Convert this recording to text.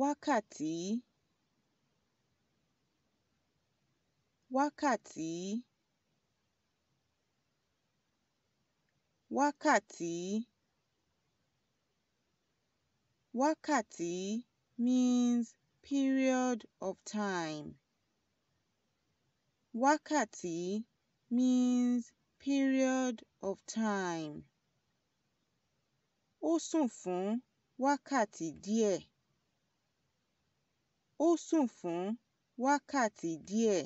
wákàtí wákàtí wákàtí wákàtí means period of time wákàtí means period of time ó sùn fún wákàtí díẹ̀ ó sùn fún wákàtí díẹ̀